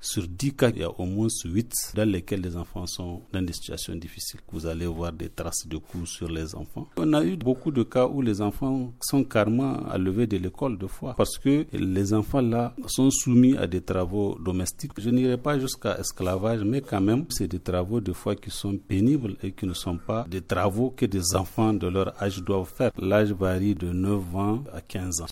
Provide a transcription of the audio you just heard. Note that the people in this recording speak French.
Sur 10 cas, il y a au moins 8 dans lesquels les enfants sont dans des situations difficiles. Vous allez voir des traces de coups sur les enfants. On a eu beaucoup de cas où les enfants sont carrément à lever de l'école de fois parce que les enfants là sont soumis à des travaux domestiques. Je n'irai pas jusqu'à esclavage, mais quand même, c'est des travaux de fois qui sont pénibles et qui ne sont pas des travaux que des enfants de leur âge doivent faire. L'âge varie de 9 ans à 15 ans.